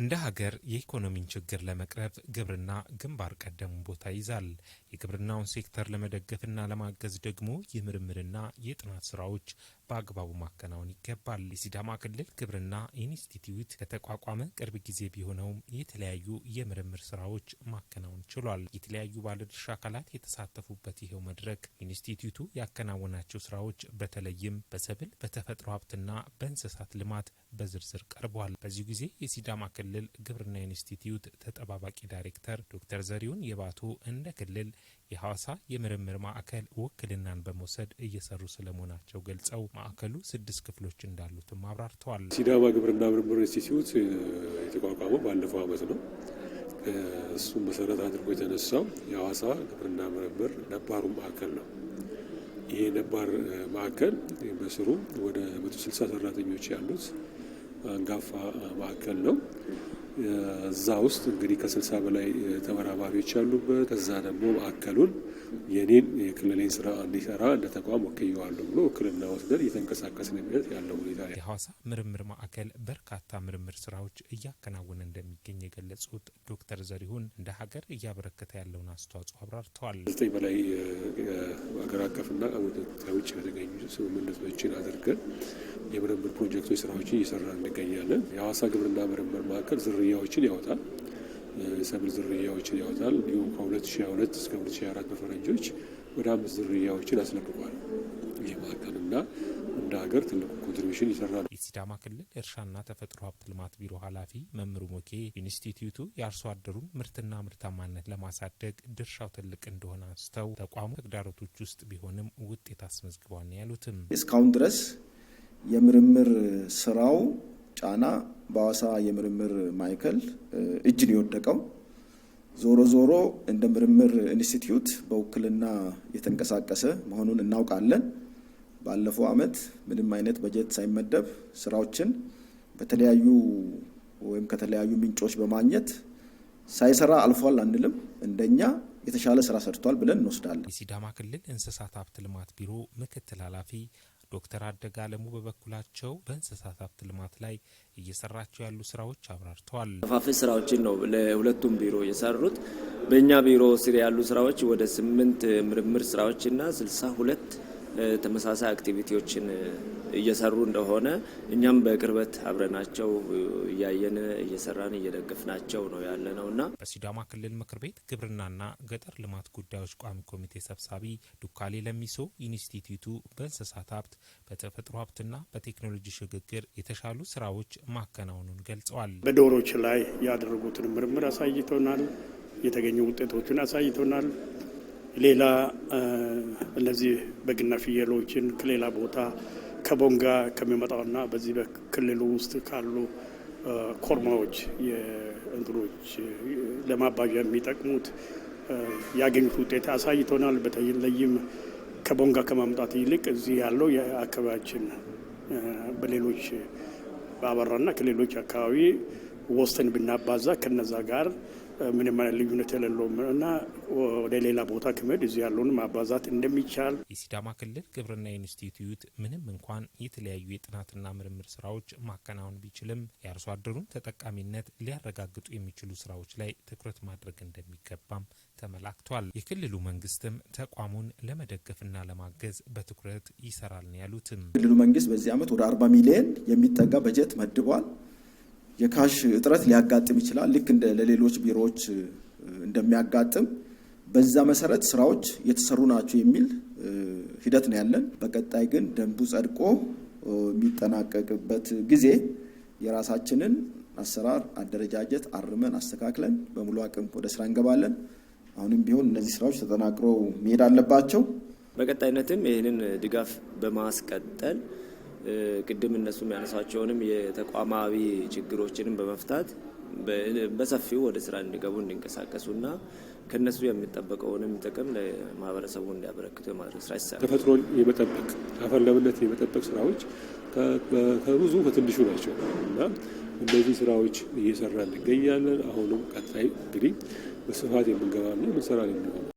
እንደ ሀገር የኢኮኖሚን ችግር ለመቅረፍ ግብርና ግንባር ቀደሙ ቦታ ይዛል። የግብርናውን ሴክተር ለመደገፍና ለማገዝ ደግሞ የምርምርና የጥናት ስራዎች በአግባቡ ማከናወን ይገባል። የሲዳማ ክልል ግብርና ኢንስቲትዩት ከተቋቋመ ቅርብ ጊዜ ቢሆነውም የተለያዩ የምርምር ስራዎች ማከናወን ችሏል። የተለያዩ ባለድርሻ አካላት የተሳተፉበት ይኸው መድረክ ኢንስቲትዩቱ ያከናወናቸው ስራዎች በተለይም በሰብል፣ በተፈጥሮ ሀብትና በእንስሳት ልማት በዝርዝር ቀርቧል። በዚሁ ጊዜ የሲዳማ ክልል ክልል ግብርና ኢንስቲትዩት ተጠባባቂ ዳይሬክተር ዶክተር ዘሪሁን የባቶ እንደ ክልል የሐዋሳ የምርምር ማዕከል ውክልናን በመውሰድ እየሰሩ ስለመሆናቸው ገልጸው ማዕከሉ ስድስት ክፍሎች እንዳሉትም አብራርተዋል። ሲዳማ ግብርና ምርምር ኢንስቲትዩት የተቋቋመው ባለፈው ዓመት ነው። እሱም መሰረት አድርጎ የተነሳው የሐዋሳ ግብርና ምርምር ነባሩ ማዕከል ነው። ይህ ነባር ማዕከል በስሩ ወደ 160 ሰራተኞች ያሉት አንጋፋ ማዕከል ነው። እዛ ውስጥ እንግዲህ ከስልሳ በላይ ተመራማሪዎች ያሉበት ከዛ ደግሞ ማዕከሉን የኔን የክልሌን ስራ እንዲሰራ እንደ ተቋም ወክየዋለሁ ብሎ ውክልና ወስደን እየተንቀሳቀስንበት ያለው ሁኔታ የሐዋሳ ምርምር ማዕከል በርካታ ምርምር ስራዎች እያከናወነ እንደሚገኝ የገለጹት ዶክተር ዘሪሁን እንደ ሀገር እያበረከተ ያለውን አስተዋጽኦ አብራርተዋል። ዘጠኝ በላይ አቀፍና ከውጭ በተገኙ ስምምነቶችን አድርገን የምርምር ፕሮጀክቶች ስራዎችን እየሰራ እንገኛለን። የሀዋሳ ግብርና ምርምር ማዕከል ዝርያዎችን ያወጣል፣ ሰብል ዝርያዎችን ያወጣል። እንዲሁም ከ2022 እስከ 2024 በፈረንጆች ወደ አምስት ዝርያዎችን አስለቅቋል። ይህ ማዕከልና ሀገር ትልቁ ኮንትሪቢሽን ይሰራሉ። የሲዳማ ክልል እርሻና ተፈጥሮ ሀብት ልማት ቢሮ ኃላፊ መምሩ ሞኬ ኢንስቲትዩቱ የአርሶ አደሩን ምርትና ምርታማነት ለማሳደግ ድርሻው ትልቅ እንደሆነ አንስተው ተቋሙ ተግዳሮቶች ውስጥ ቢሆንም ውጤት አስመዝግቧል ነው ያሉትም። እስካሁን ድረስ የምርምር ስራው ጫና በአዋሳ የምርምር ማዕከል እጅ ነው የወደቀው። ዞሮ ዞሮ እንደ ምርምር ኢንስቲትዩት በውክልና የተንቀሳቀሰ መሆኑን እናውቃለን። ባለፈው ዓመት ምንም አይነት በጀት ሳይመደብ ስራዎችን በተለያዩ ወይም ከተለያዩ ምንጮች በማግኘት ሳይሰራ አልፏል አንልም። እንደኛ የተሻለ ስራ ሰርቷል ብለን እንወስዳለን። የሲዳማ ክልል እንስሳት ሀብት ልማት ቢሮ ምክትል ኃላፊ ዶክተር አደጋ አለሙ በበኩላቸው በእንስሳት ሀብት ልማት ላይ እየሰራቸው ያሉ ስራዎች አብራርተዋል። ተፋፊ ስራዎችን ነው ለሁለቱም ቢሮ የሰሩት። በእኛ ቢሮ ስር ያሉ ስራዎች ወደ ስምንት ምርምር ስራዎችና ስልሳ ሁለት ተመሳሳይ አክቲቪቲዎችን እየሰሩ እንደሆነ እኛም በቅርበት አብረናቸው እያየን እየሰራን እየደገፍናቸው ነው ያለ ነው እና በሲዳማ ክልል ምክር ቤት ግብርናና ገጠር ልማት ጉዳዮች ቋሚ ኮሚቴ ሰብሳቢ ዱካሌ ለሚሶ ኢንስቲትዩቱ በእንስሳት ሀብት በተፈጥሮ ሀብትና በቴክኖሎጂ ሽግግር የተሻሉ ስራዎች ማከናወኑን ገልጸዋል። በዶሮች ላይ ያደረጉትን ምርምር አሳይተውናል። የተገኙ ውጤቶችን አሳይተውናል። ሌላ እነዚህ በግና ፍየሎችን ከሌላ ቦታ ከቦንጋ ከሚመጣውና በዚህ በክልሉ ውስጥ ካሉ ኮርማዎች የእንትኖች ለማባዣ የሚጠቅሙት ያገኙት ውጤት አሳይቶናል። በተለይም ከቦንጋ ከማምጣት ይልቅ እዚህ ያለው የአካባቢያችን በሌሎች በአበራና ከሌሎች አካባቢ ወስተን ብናባዛ ከነዛ ጋር ምንም አይነት ልዩነት የሌለውም እና ወደ ሌላ ቦታ ከመሄድ እዚህ ያለውን ማባዛት እንደሚቻል የሲዳማ ክልል ግብርና ኢንስቲትዩት ምንም እንኳን የተለያዩ የጥናትና ምርምር ስራዎች ማከናወን ቢችልም የአርሶ አደሩን ተጠቃሚነት ሊያረጋግጡ የሚችሉ ስራዎች ላይ ትኩረት ማድረግ እንደሚገባም ተመላክቷል። የክልሉ መንግስትም ተቋሙን ለመደገፍና ለማገዝ በትኩረት ይሰራል ነው ያሉትም። ክልሉ መንግስት በዚህ ዓመት ወደ 40 ሚሊዮን የሚጠጋ በጀት መድቧል። የካሽ እጥረት ሊያጋጥም ይችላል። ልክ እንደ ለሌሎች ቢሮዎች እንደሚያጋጥም በዛ መሰረት ስራዎች የተሰሩ ናቸው የሚል ሂደት ነው ያለን። በቀጣይ ግን ደንቡ ጸድቆ የሚጠናቀቅበት ጊዜ የራሳችንን አሰራር አደረጃጀት አርመን አስተካክለን በሙሉ አቅም ወደ ስራ እንገባለን። አሁንም ቢሆን እነዚህ ስራዎች ተጠናክረው መሄድ አለባቸው። በቀጣይነትም ይህንን ድጋፍ በማስቀጠል ቅድም እነሱ የሚያነሳቸውንም የተቋማዊ ችግሮችንም በመፍታት በሰፊው ወደ ስራ እንዲገቡ እንዲንቀሳቀሱና ከነሱ የሚጠበቀውንም ጥቅም ለማህበረሰቡ እንዲያበረክቱ የማድረግ ስራ ይሰራል። ተፈጥሮን የመጠበቅ አፈር ለምነት የመጠበቅ ስራዎች ከብዙ ከትንሹ ናቸው እና እነዚህ ስራዎች እየሰራ እንገኛለን። አሁንም ቀጣይ እንግዲህ በስፋት የምንገባ ነው ምንሰራ ነው።